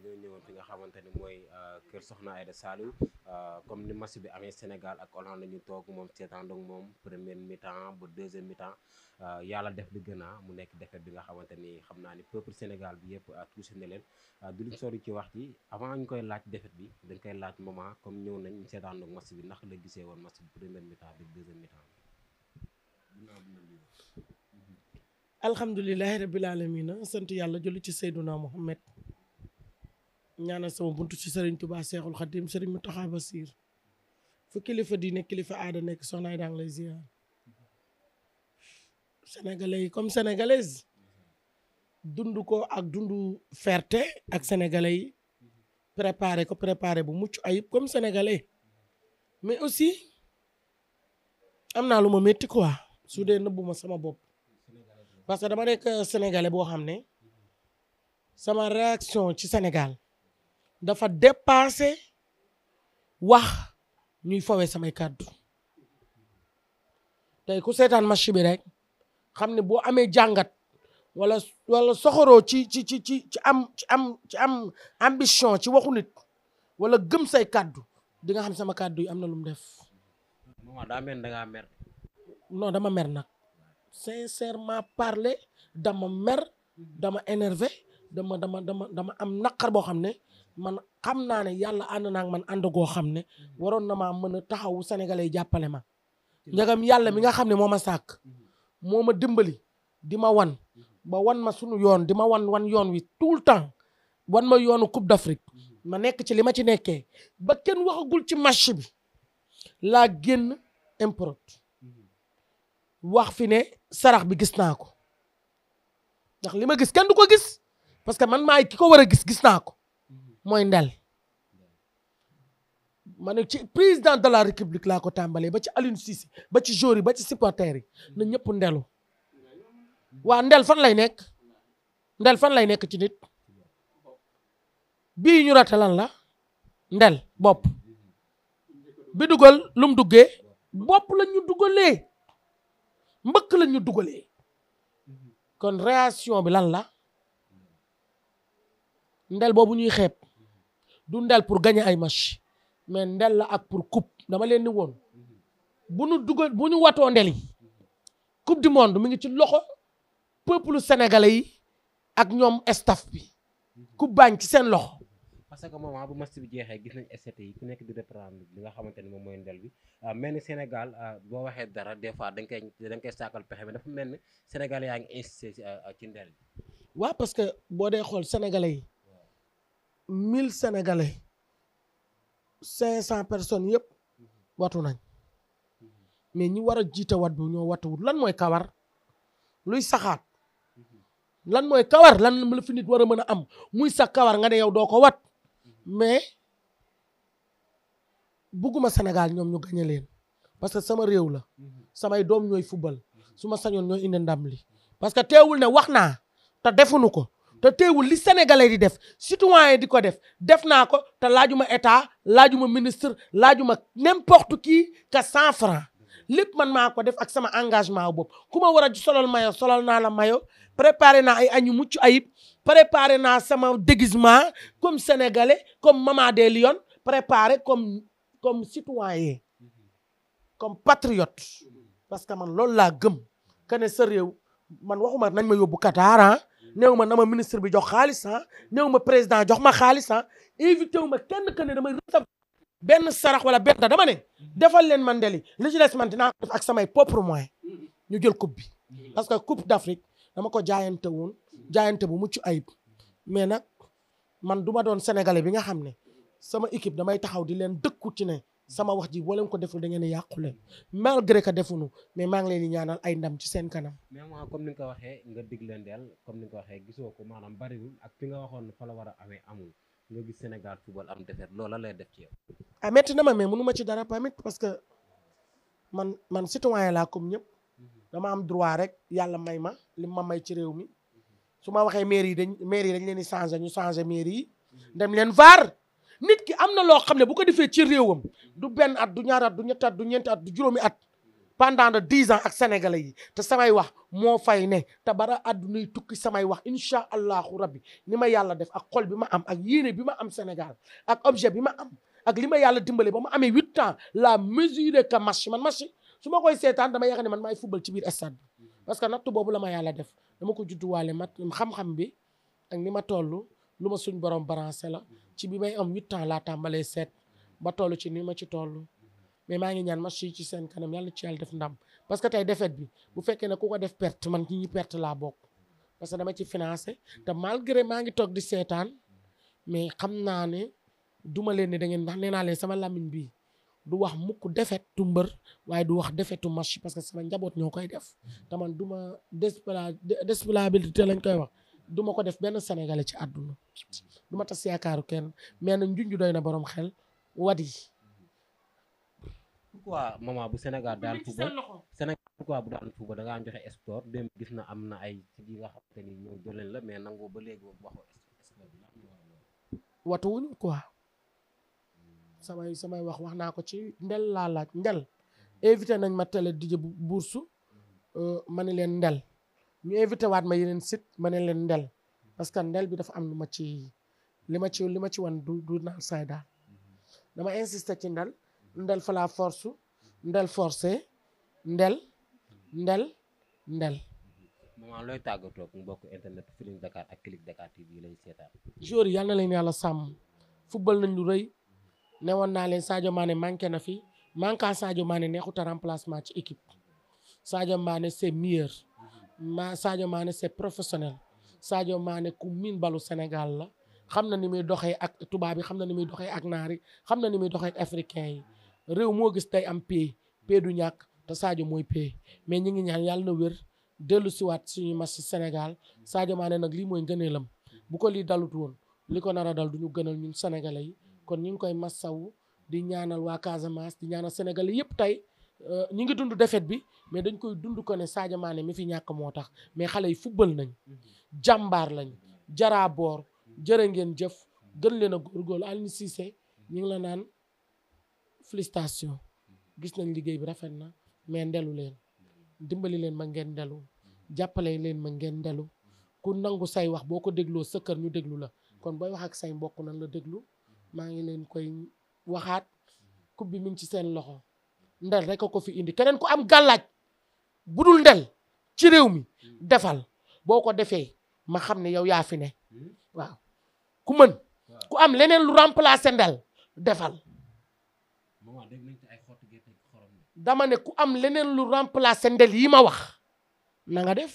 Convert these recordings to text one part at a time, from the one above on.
dañoo ñëwoon fi nga xamante ni mooy euh, kër Soxna Aïda Saliou euh, comme ni match bi amee Sénégal ak Hollande ñu toog moom seetaan donc moom première mi-temps ba deuxième mi-temps euh, yàlla def bi gën mu nekk defet bi nga xamante ni xam naa ni peuple Sénégal bi yëpp touché na leen du luñ sori ci wax ji avant ñu koy laaj defet bi dañ koy laaj moment comme ñëw nañ ñu seetaan donc match bi ndax la gise woon match bi première mi-temps bi deuxième mi-temps alhamdulilahi rabil alamina ñaana sama buntu ci Serigne Touba Seexul Xadim Serigne Mountakha Bassir fu kilifa diine kilifa aada nekk soxna yi daang lay ziar sénégalais yi comme sénégalaise dund ko ak dundu fierté ak sénégalais yi préparé ko préparé bu mucc ayib comme sénégalais mais aussi am naa lu ma métti quoi su dee nëbbuma sama bopp parce que dama nekk sénégalais boo xam ne sama réaction ci Sénégal dafa dépassé wax ñuy fowee samay kaddu tey ku seetaan match bi rek xam ne boo amee jàngat walla wala soxoroo ci ci ci ci ci am ci am ci am ambition ci waxu nit wala gëm say kàddu di nga xam sama kàddu yi am na lu mu def. non daa mel da ngaa mer. non dama mer nag sincèrement parler dama mer dama énervé dama dama dama dama am naqar boo xam ne. man xam naa ne yàlla ànd naa man ànd goo xam ne mm-hmm. waroon na maa mën a taxawu sénégalais jàppale ma njagam yàlla mi nga mm-hmm. xam ne moo ma sàkk mm-hmm. moo ma dimbali di ma wan ba wan ma sunu yoon di ma wan wan yoon wi tout le temps wan ma yoonu coupe d'Afrique ma nekk ci li ma ci nekkee ba kenn waxagul ci match bi laa génn improt wax fi ne sarax bi gis naa ko ndax li ma gis kenn du ko gis parce que man maay ki ko war a gis gis naa ko mooy ndel ma ne ci président de la république laa ko tàmbalee ba ci Aliou Cissé ba ci joueurs yi ba ci supporters yi na ñëpp ndelu waa ndel fan lay nekk ndel fan lay nekk ci nit bii ñu rate lan la ndel bopp bi dugal lum duggee bopp la ñu dugalee mbëkk la ñu dugalee kon réaction bi lan la ndel boobu ñuy xeeb du ndel pour gagner ay match mais ndel la ak pour coupe dama leen ni woon bu nu dugal bu ñu watoo ndel yi coupe du monde mi ngi ci loxo peuple sénégalais yi ak ñoom staff bi coupe baañ ci seen loxo. parce que moom moment bu match bi jeexee gis nañ SCT yi ku nekk du reprendre bi nga xamante ni moom mooy ndel bi ah, mel ni Sénégal ah, boo waxee dara des fois dañ koy dañ koy saakal pexe mais dafa mel ni Sénégal yaa ngi insisté ah, ci ndel bi. waaw parce que boo dee xool sénégalais yi. mille sénégalais cinq cent personne yëpp watu nañ mais ñi war a jiite wat bi ñoo watuwut lan mooy kawar luy saxaat lan mooy kawar lan la fi nit war a mën a am muy sax kawar nga ne yow doo ko wat mais bugguma Sénégal ñoom ñu gañe leen parce que sama réew la samay doom ñooy football su ma sañoon ñooy indi ndam li parce que teewul ne wax naa te defunu ko te teewul li sénégalais di def citoyen di ko def def naa ko te laajuma état ma ministre laaju laajuma n'importe kii que cent franc lépp man maa ko def ak sama engagement bopp ku ma war a solal mayo solal naa la mayo préparé naa ay añu mucc ayib préparé naa sama déguisement comme sénégalais comme maman des lions préparé comme comme citoyen comme patriote parce que man loolu laa gëm que ne sa réew man waxuma nañ ma yóbbu Qatar ah néew ma na ma ministre bi jox xaalis ah néew ma président jox ma xaalis ah invité wu ma kenn que ne damay recevoir benn sarak wala benn dama ne defal leen man deli li ci des man dinaa def ak samay propre moyen ñu jël coupe parce que coupe d'Afrique dama ko jaayante woon jaayante bu mucc ayib mais nag man duma ma doon sénégalais bi nga xam ne sama équipe damay taxaw di leen dëkku ci ne sama wax ji boo leen ko deful da ngeen a yàqu leen malgré que defuñu mais maa ngi leen di ñaanal ay ndam ci seen kanam. mais moi comme ni nga ko waxee nga dig leen dell comme ni nga ko waxee gisoo ko maanaam bariwul ak fi nga waxoon fa la war a amul nga gis Sénégal football am defet loola lay def ci yow. Ah, na ma mais mënu ma ci dara tamit parce que man man citoyen laa comme ñëpp mhm. dama am droit rek yàlla may ma li ma may ci réew mi su ma waxee mairie yi dañ mairie yi dañ leen di changer ñu changer mairie yi. Mhm. dem leen vaar nit ki am na loo xam ne boo ko defee ci réewam du benn at du ñaari at du ñetti at du ñeenti at du juróomi at pendant dix ans ak sénégalais yi te samay wax moo fay ne te bara àddunay tukki samay wax incha allahu rabbi ni ma yàlla def ak xol bi ma am ak yéene bi ma am Sénégal ak objet bi ma am ak li ma yàlla dimbale ba ma amee huit ans la mesure que match man match su ma koy seetaan dama yaakaar ne man maay football ci biir stade bi parce que nattu boobu la ma yàlla def dama ko judduwaale mat xam-xam bi ak ni ma toll lu ma suñ borom balancé la ci bi may am huit ans laa tàmbalee seet. ba toll ci nii ma ci toll mais maa ngi ñaan match yi ci seen kanam na ci yàlla def ndam parce que tey défaite bi bu fekkee ne ku ko def perte man ki ñi perte laa bokk parce que dama ci financé te malgré maa ngi toog di seetaan mais xam naa ne duma leen ne da ngeen ndax nee sama làmmiñ bi du wax mukk defetu mbër waaye du wax defetu match parce que sama njaboot ñoo koy def te man du ma disponibilité lañ koy wax du ma ko def benn sénégalais ci àdduna du tas yaakaaru kenn mais na njunju doy na borom xel wadi pourquoi maman bu Sénégal daan football Sénégal pourquoi bu daan da ngaa joxe sport dem gis na am na ay ci yi nga xamante ni ñoo jëleen la mais nangoo ba léegi watuwuñ quoi samay samay wax wax naa ko ci ndel laa laaj ndel mm-hmm. invité nañ ma télé bu Boursu mm-hmm. euh, ma ne leen ndel ñu invité waat ma yeneen site ma ne leen ndel parce que ndel bi dafa am lu ma ci li ma ci li ma ci wan du naan saay daal dama insister ci ndel ndel fa la force ndel forcé ndel ndel ndel maman looy tàggatoo ku mbokk internet Feeling Dakar ak Click Dakar TV yi lay seetaan joueurs yal na yàlla sàmm football nañ lu rëy newoon naa leen Sadio Mané manqué na fi manqua Sadio Mané neexuta remplacement ci équipe Sadio Mané c'est meilleur ma Sadio Mané c'est professionnel Sadio Mané ku miin balu Sénégal la xam na ni muy doxee ak tubaab yi xam na ni muy doxee ak naar yi xam na ni muy doxee ak africain yi réew moo gis tey am paix paix du ñàkk te Sadio mooy paix mais ñi ngi ñaan yàlla na wér dellu siwaat suñu match Sénégal Sadio Mané nag lii mooy ngëneelam bu ko lii dalut woon li ko nar a dal du ñu gënal ñun sénégalais yi kon ñu ngi koy massawu di ñaanal waa Casamance di ñaanal sénégalais yëpp tey euh, ñu ngi dund défaite bi mais dañ koy dund ko ne Sadio maane mi fi ñàkk moo tax mais xale yi football nañ jàmbaar lañ jaraaboor jërë ngeen jëf gën leen a góorgóorlu Aliou Cissé ñu ngi la naan fristation gis nañ liggéey bi rafet na mais ndelu leen dimbali leen ma ngeen ndelu jàppale leen ma ngeen ndelu ku nangu say wax boo ko dégloo sa kër ñu déglu la kon booy wax ak say mbokk nan la déglu maa ngi leen koy waxaat coupe bi mu ngi ci seen loxo ndel rek a ko fi indi keneen ku am gàllaaj bu dul ndel ci réew mi defal boo ko defee ma xam ne yow yaa fi ne hmm? waaw ku mën ku am leneen lu remplacer ndel defal dama ne ku am leneen lu remplacer ndel yi ma wax na nga def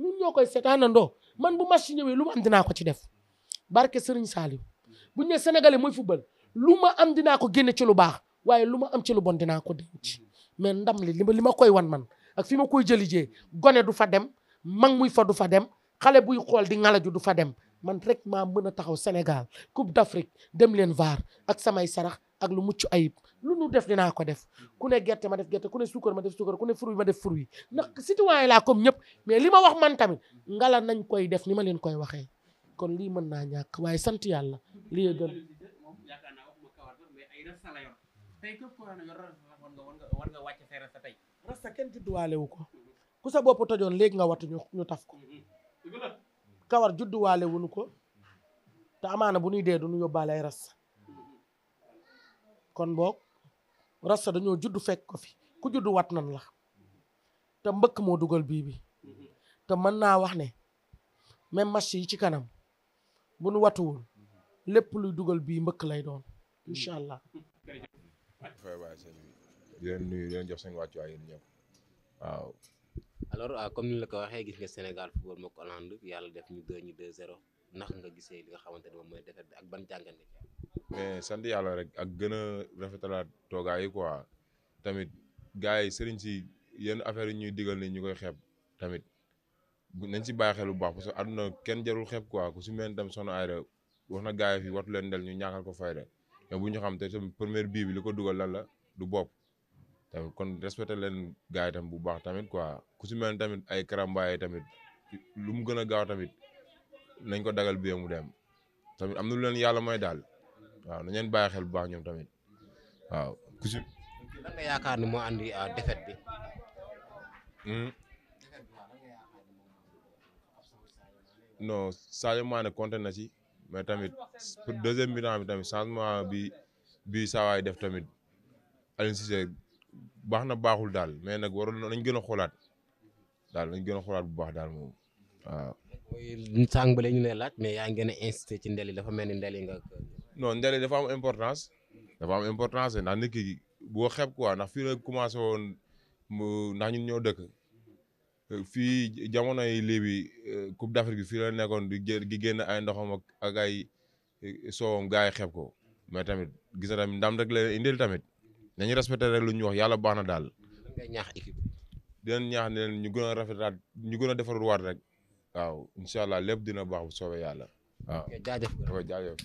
ñun ñoo koy seetaanandoo man bu match ñëwee lu ma am dinaa ko ci def barke Serigne Saliou bu ñu ne sénégalais mooy football lu ma am dinaa ko génne ci lu baax waaye lu ma am ci lu bon dinaa ko denc mais ndam li li ma koy wan man ak fi ma koy jëli jee gone du fa dem mag muy fa du fa dem xale buy xool di ngalaju du fa dem man rek maa mën a taxaw Sénégal Coupe d'Afrique dem leen vaar ak samay sarax ak lu mucc ayib lu nu def dinaa ko def ku ne gerte ma def gerte ku ne suukar ma def suukar ku ne fruit ma def fruit ndax citoyen laa comme ñëpp mais li ma wax man tamit ngala nañ koy def ni ma leen koy waxee kon lii mën naa ñàkk waaye sant yàlla li gën rasta kenn ko ku sa bopp tojoon léegi nga wattu ñu taf ko kawar judduwaale wuñu ko te amaana bu ñuy dee du ñu yóbbaale ay rasta kon boog rasta dañoo judd fekk ko fi ku judd wat nan la te mbëkk moo dugal bii bi te mën naa wax ne même match yi ci kanam bu nu watuwul lépp luy dugal bii mbëkk lay doon incha allah. di leen nuyu di waaw. alors ah, comme ni la ko waxee gis nga Sénégal football moo ko yàlla def ñu gën ñu 2-0 ndax nga gisee li nga xamante ne moom mooy defet bi ak ban jàngat sant yàlla rek ak gën a rafetalaat toogaay yi quoi tamit gars yi sëriñ si yenn affaire yi ñuy digal ni ñu koy xeeb tamit nañ si bàyyi xel baax parce que kenn jarul xeeb quoi si mel tam soxna Ayda wax na gars yi fi watu leen del ñu ñaakal ko fayda mais bu ñu xam te tamit première bii bi li ko dugal lan la du bopp kon respecté leen gars tamit bu baax tamit quoi ku tamit ay karambaay tamit lu mu gën a gaaw tamit nañ ko dagal bi mu dem tamit am na lu leen yàlla may daal waaw nañ leen bàyyi xel bu baax ñoom tamit waaw ku si. lan nga yaakaar ni ah, hmm? mais tamit deuxième mi-temps bi tamit changement bi bi saawaay def tamit Aliou Cissé baax na baaxul daal mais nag waroon nañ gën a xoolaat daal nañ gën a bu baax daal moom waaw. mooy sànq ñu laaj mais yaa ngi gën a insisté ci ndeli dafa mel ni ndel yi nga. non ndel dafa am importance. dafa am importance ndax nit ki boo xeeb quoi ndax fii la commencé woon ndax ñun ñoo dëkk fii jamono yi léegi euh, Coupe d'Afrique bi fii la nekkoon di génn di génn ay ndoxam a ay euh, soowam gars yi ko mais tamit gisa na tamit ndam rek la indil tamit. nañu respecté rek lu ñu wax yàlla baax na daal. nga ñaax équipe. dinañ ñaax ne leen ñu gën a rafetaat ñu gën a defarwaat rek. waaw incha allah lépp dina baax bu soobee yàlla. waaw jaajëf jaajëf.